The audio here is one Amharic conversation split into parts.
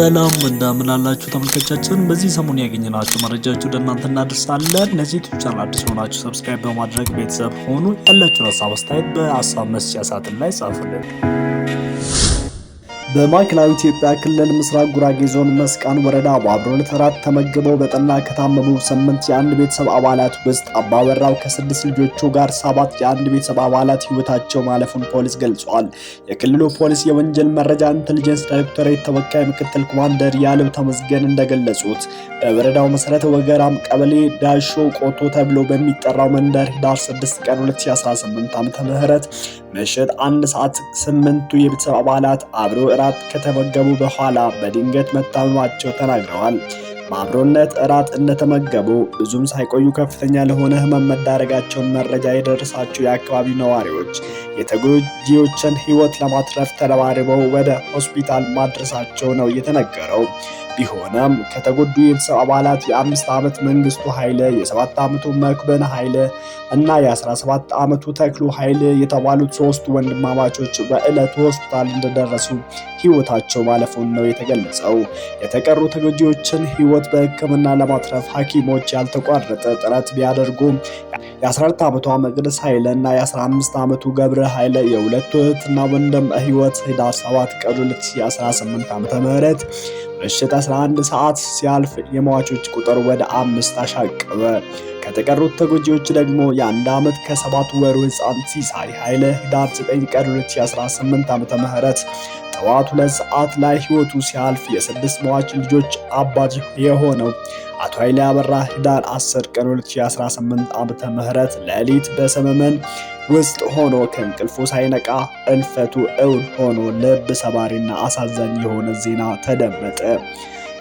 ሰላም እንደምን አላችሁ ተመልካቾቻችን። በዚህ ሰሞን ያገኘናችሁ መረጃዎች ወደ እናንተ እናደርሳለን። ለዚህ ዩቲዩብ ቻናል አዲስ ሆናችሁ ሰብስክራይብ በማድረግ ቤተሰብ ሆኑ። ያላችሁን ሀሳብ አስተያየት በሀሳብ መስጫ ሳጥን ላይ ጻፉልን። በማዕከላዊ ኢትዮጵያ ክልል ምስራቅ ጉራጌ ዞን መስቃን ወረዳ በአብሮነት እራት ተመግበው በጠና ከታመሙ ስምንት የአንድ ቤተሰብ አባላት ውስጥ አባወራው ከስድስት ልጆቹ ጋር ሰባት የአንድ ቤተሰብ አባላት ሕይወታቸው ማለፉን ፖሊስ ገልጿል። የክልሉ ፖሊስ የወንጀል መረጃ ኢንቴሊጀንስ ዳይሬክቶሬት ተወካይ ምክትል ኮማንደር ያለው ተመዝገን እንደገለጹት በወረዳው መሰረት ወገራም ቀበሌ ዳሾ ቆቶ ተብሎ በሚጠራው መንደር ኅዳር 6 ቀን 2018 ዓ.ም ምሽት አንድ ሰዓት ስምንቱ የቤተሰብ አባላት አብረው እራት ከተመገቡ በኋላ በድንገት መታመማቸው ተናግረዋል። በአብሮነት እራት እንደተመገቡ ብዙም ሳይቆዩ ከፍተኛ ለሆነ ህመም መዳረጋቸውን መረጃ የደረሳቸው የአካባቢው ነዋሪዎች የተጎጂዎችን ህይወት ለማትረፍ ተረባርበው ወደ ሆስፒታል ማድረሳቸው ነው የተነገረው። ቢሆንም ከተጎዱ የቤተሰብ አባላት የአምስት ዓመት መንግስቱ ኃይለ፣ የሰባት ዓመቱ መክበን ኃይለ እና የ17 ዓመቱ ተክሉ ኃይለ የተባሉት ሶስቱ ወንድማማቾች በዕለቱ ሆስፒታል እንደደረሱ ህይወታቸው ማለፉን ነው የተገለጸው። የተቀሩ ተጎጂዎችን ህይወት በሕክምና ለማትረፍ ሐኪሞች ያልተቋረጠ ጥረት ቢያደርጉም የ 14 ዓመቷ መቅደስ ኃይለ እና የ15 ዓመቱ ገብረ ኃይለ የሁለቱ እህትና ወንድም ህይወት ህዳር 7 ቀን 2018 ዓ ም ምሽት 11 ሰዓት ሲያልፍ የሟቾች ቁጥር ወደ አምስት አሻቀበ። ከተቀሩት ተጎጂዎች ደግሞ የአንድ ዓመት ከሰባት ወሩ ህፃን ሲሳይ ኃይለ ህዳር 9 ቀን 2018 ዓ ም ጠዋት ሁለት ሰዓት ላይ ህይወቱ ሲያልፍ የስድስት ሟች ልጆች አባት የሆነው ኃይሌ አበራ ህዳር 10 ቀን 2018 ዓመተ ምህረት ሌሊት በሰመመን ውስጥ ሆኖ ከእንቅልፉ ሳይነቃ እልፈቱ እውን ሆኖ ልብ ሰባሪና አሳዛኝ የሆነ ዜና ተደመጠ።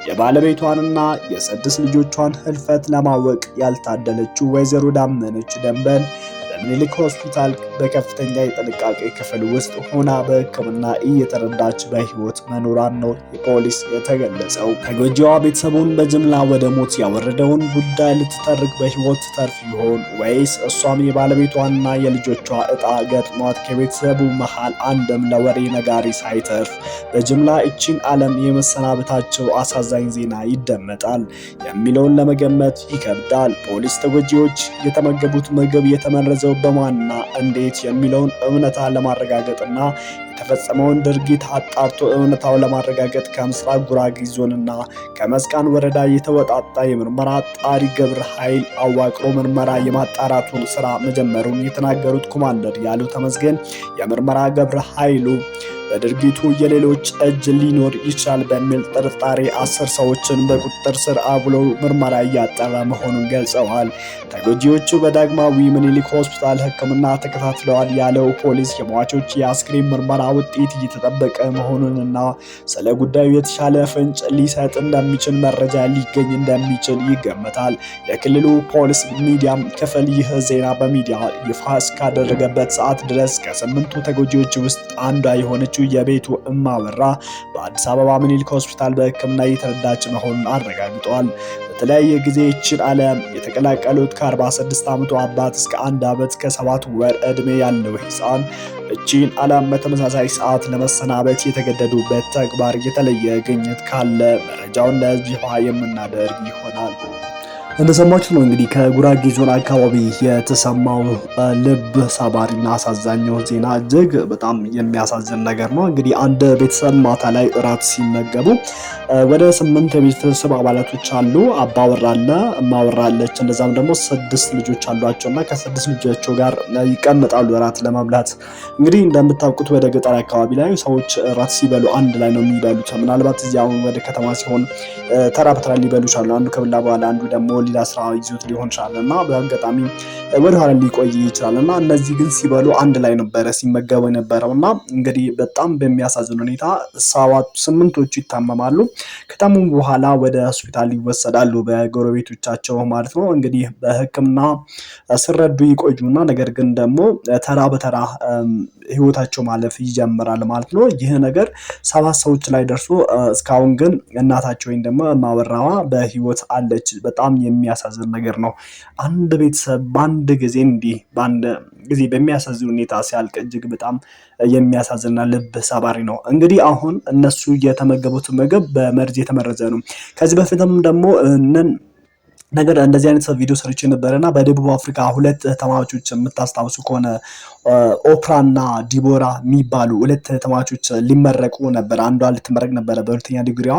የባለቤቷንና የስድስት ልጆቿን ህልፈት ለማወቅ ያልታደለችው ወይዘሮ ዳመነች ደንበል በምኒልክ ሆስፒታል በከፍተኛ የጥንቃቄ ክፍል ውስጥ ሆና በሕክምና እየተረዳች በህይወት መኖሯን ነው የፖሊስ የተገለጸው። ተጎጂዋ ቤተሰቡን በጅምላ ወደ ሞት ያወረደውን ጉዳይ ልትጠርግ በሕይወት ትተርፍ ይሆን ወይስ እሷም የባለቤቷና የልጆቿ ዕጣ ገጥሟት ከቤተሰቡ መሃል አንድም ለወሬ ነጋሪ ሳይተርፍ በጅምላ እቺን ዓለም የመሰናበታቸው አሳዛኝ ዜና ይደመጣል የሚለውን ለመገመት ይከብዳል። ፖሊስ ተጎጂዎች የተመገቡት ምግብ የተመረዘው በማንና እንዴት የሚለውን እምነታ ለማረጋገጥና የተፈጸመውን ድርጊት አጣርቶ እውነታውን ለማረጋገጥ ከምስራቅ ጉራጌ ዞንና ከመስቃን ወረዳ የተወጣጣ የምርመራ አጣሪ ግብረ ኃይል አዋቅሮ ምርመራ የማጣራቱን ስራ መጀመሩን የተናገሩት ኮማንደር ያሉ ተመስገን የምርመራ ግብረ ኃይሉ በድርጊቱ የሌሎች እጅ ሊኖር ይችላል በሚል ጥርጣሬ አስር ሰዎችን በቁጥጥር ስር አብሎ ምርመራ እያጠራ መሆኑን ገልጸዋል። ተጎጂዎቹ በዳግማዊ ምኒልክ ሆስፒታል ሕክምና ተከታትለዋል ያለው ፖሊስ የሟቾች የአስክሬን ምርመራ ውጤት እየተጠበቀ መሆኑንና ስለ ጉዳዩ የተሻለ ፍንጭ ሊሰጥ እንደሚችል መረጃ ሊገኝ እንደሚችል ይገመታል። የክልሉ ፖሊስ ሚዲያም ክፍል ይህ ዜና በሚዲያ ይፋ እስካደረገበት ሰዓት ድረስ ከስምንቱ ተጎጂዎች ውስጥ አንዷ የሆነችው የቤቱ እማበራ በአዲስ አበባ ምኒልክ ሆስፒታል በሕክምና እየተረዳች መሆኑን አረጋግጧል። በተለያየ ጊዜ ይችን ዓለም የተቀላቀሉት ከ46 ዓመቱ አባት እስከ አንድ ዓመት ከሰባት ወር ዕድሜ ያለው ሕፃን እቺን ዓለም በተመሳሳይ ሰዓት ለመሰናበት የተገደዱበት ተግባር የተለየ ግኝት ካለ መረጃውን ለህዝብ ይፋ የምናደርግ ይሆናል። እንደሰማችሁት ነው እንግዲህ ከጉራጌ ዞን አካባቢ የተሰማው ልብ ሰባሪና አሳዛኝ ዜና እጅግ በጣም የሚያሳዝን ነገር ነው። እንግዲህ አንድ ቤተሰብ ማታ ላይ እራት ሲመገቡ ወደ ስምንት የቤተሰብ አባላቶች አሉ። አባወራ አለ፣ እማወራ አለች፣ እንደዛም ደግሞ ስድስት ልጆች አሏቸው እና ከስድስት ልጆቻቸው ጋር ይቀመጣሉ እራት ለመብላት። እንግዲህ እንደምታውቁት ወደ ገጠር አካባቢ ላይ ሰዎች እራት ሲበሉ አንድ ላይ ነው የሚበሉት። ምናልባት እዚያ ወደ ከተማ ሲሆን ተራ በተራ ሊበሉ ይችላሉ። አንዱ ከብላ በኋላ አንዱ ደግሞ ሌላ ስራ ይዞት ሊሆን ይችላል እና በአጋጣሚ ወደኋላ ሊቆይ ይችላል እና እነዚህ ግን ሲበሉ አንድ ላይ ነበረ ሲመገቡ የነበረው እና እንግዲህ በጣም በሚያሳዝን ሁኔታ ሰባቱ ስምንቶቹ ይታመማሉ። ከታመሙ በኋላ ወደ ሆስፒታል ይወሰዳሉ በጎረቤቶቻቸው ማለት ነው። እንግዲህ በሕክምና ሲረዱ ይቆዩና ነገር ግን ደግሞ ተራ በተራ ህይወታቸው ማለፍ ይጀምራል ማለት ነው። ይህ ነገር ሰባት ሰዎች ላይ ደርሶ እስካሁን ግን እናታቸው ወይም ደግሞ ማወራዋ በህይወት አለች። በጣም የሚ የሚያሳዝን ነገር ነው። አንድ ቤተሰብ በአንድ ጊዜ እንዲህ በአንድ ጊዜ በሚያሳዝን ሁኔታ ሲያልቅ እጅግ በጣም የሚያሳዝንና ልብ ሰባሪ ነው። እንግዲህ አሁን እነሱ የተመገቡት ምግብ በመርዝ የተመረዘ ነው። ከዚህ በፊትም ደግሞ ነገር እንደዚህ አይነት ቪዲዮ ሰርች ነበረ እና በደቡብ አፍሪካ ሁለት ተማቾች የምታስታውሱ ከሆነ ኦፕራ እና ዲቦራ የሚባሉ ሁለት ተማቾች ሊመረቁ ነበር። አንዷ ልትመረቅ ነበረ በሁለተኛ ዲግሪዋ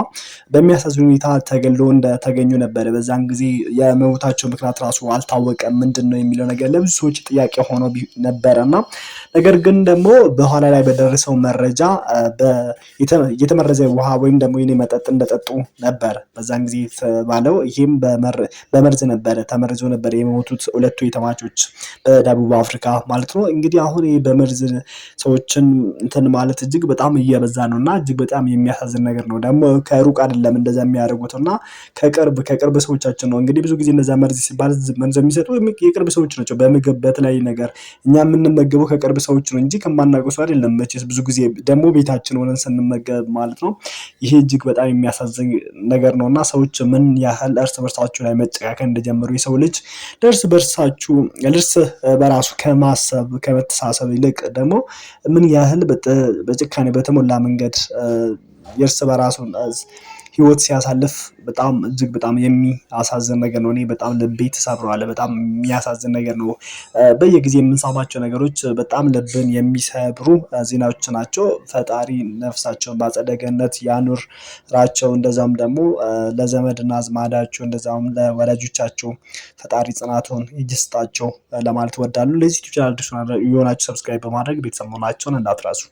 በሚያሳዝን ሁኔታ ተገሎ እንደተገኙ ነበረ። በዛን ጊዜ የመሞታቸው ምክንያት ራሱ አልታወቀም። ምንድን ነው የሚለው ነገር ለብዙ ሰዎች ጥያቄ ሆኖ ነበረ እና ነገር ግን ደግሞ በኋላ ላይ በደረሰው መረጃ የተመረዘ ውሃ ወይም ደግሞ የኔ መጠጥ እንደጠጡ ነበር በዛን ጊዜ የተባለው ይህም በመርዝ ነበረ ተመርዞ ነበር የሞቱት ሁለቱ የተማቾች በደቡብ አፍሪካ ማለት ነው። እንግዲህ አሁን ይህ በመርዝ ሰዎችን እንትን ማለት እጅግ በጣም እየበዛ ነው እና እጅግ በጣም የሚያሳዝን ነገር ነው። ደግሞ ከሩቅ አይደለም እንደዛ የሚያደርጉት እና ከቅርብ ከቅርብ ሰዎቻችን ነው። እንግዲህ ብዙ ጊዜ እንደዛ መርዝ ሲባል መርዝ የሚሰጡ የቅርብ ሰዎች ናቸው። በምግብ በተለያዩ ነገር እኛ የምንመገበው ከቅርብ ሰዎች ነው እንጂ ከማናውቀው ሰው አይደለም። መቼስ ብዙ ጊዜ ደግሞ ቤታችን ሆነን ስንመገብ ማለት ነው። ይሄ እጅግ በጣም የሚያሳዝን ነገር ነው እና ሰዎች ምን ያህል እርስ በርሳችሁ ላይ መጨካከን እንደጀመሩ የሰው ልጅ ደርስ በርሳችሁ ልርስ በራሱ ከማሰብ ከመተሳሰብ ይልቅ ደግሞ ምን ያህል በጭካኔ በተሞላ መንገድ የእርስ በራሱን ህይወት ሲያሳልፍ በጣም እጅግ በጣም የሚያሳዝን ነገር ነው። እኔ በጣም ልቤ ተሰብሯል። በጣም የሚያሳዝን ነገር ነው። በየጊዜ የምንሰማቸው ነገሮች በጣም ልብን የሚሰብሩ ዜናዎች ናቸው። ፈጣሪ ነፍሳቸውን በአጸደ ገነት ያኑራቸው። እንደዛም ደግሞ ለዘመድና አዝማዳቸው እንደዛም ለወዳጆቻቸው ፈጣሪ ጽናቱን ይስጣቸው ለማለት እወዳለሁ። ለዚህ ዩቲዩብ ቻናል አዲስ የሆናችሁ ሰብስክራይብ በማድረግ ቤተሰብ መሆናቸውን እንዳትረሱ።